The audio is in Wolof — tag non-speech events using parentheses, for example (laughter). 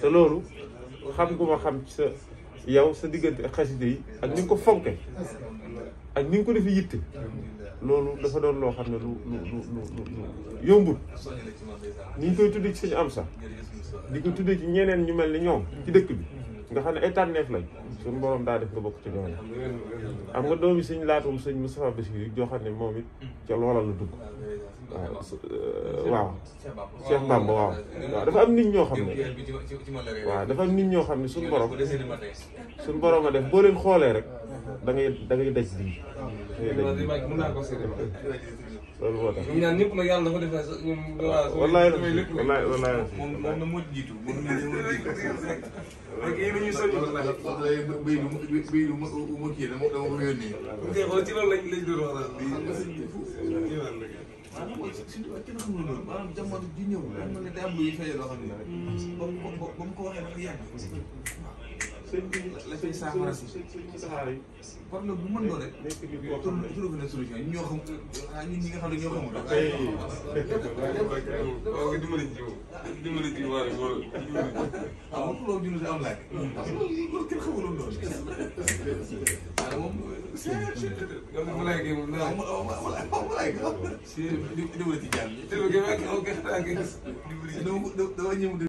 te loolu xam gu ma xam sa yow sa diggante ak xasida yi ak ni ko fonke ak ni nga ko defi yitte loolu dafa doon loo xam ne lu lu lu lu lu yombul ni koy tuddee ci suñu am sax di ko tuddee ci ñeneen ñu mel ni ñoom ci dëkk bi nga xamne état ay lañ sun borom da def nga bokk ci doon am nga doomi sëñ latum sëñ Moustapha Bassirou jo xamne momit ci lola la dugg waaw Cheikh Bamba waaw dafa am nit ñoo xamne waaw dafa am nit ñoo xamne sun borom sun borom a def bo leen xolé rek da ngay da ngay daj di wallahi na (laughs) li ñuy soññu ko. béy bi béy bi mu kii dama dama ko yónnee. ok ci loolu lañ lañ doon wax daal. bii maanaam maanaam jamono ji ñëw. xam nga day am luy fay loo xam ne. ba mu ko ba mu ko waxee dafa yàgg. la fay saafara si problème bu mën doon rek trouvé na solution ñoo xam ñun ñi nga xam ne ñoo xamul waaw dimbali jiw dimbali jiw waaye loo jullit am laaj. parce que loolu loolu kenn xamuloon loolu. waaw moom. c'est vrai moom dara ma ma ma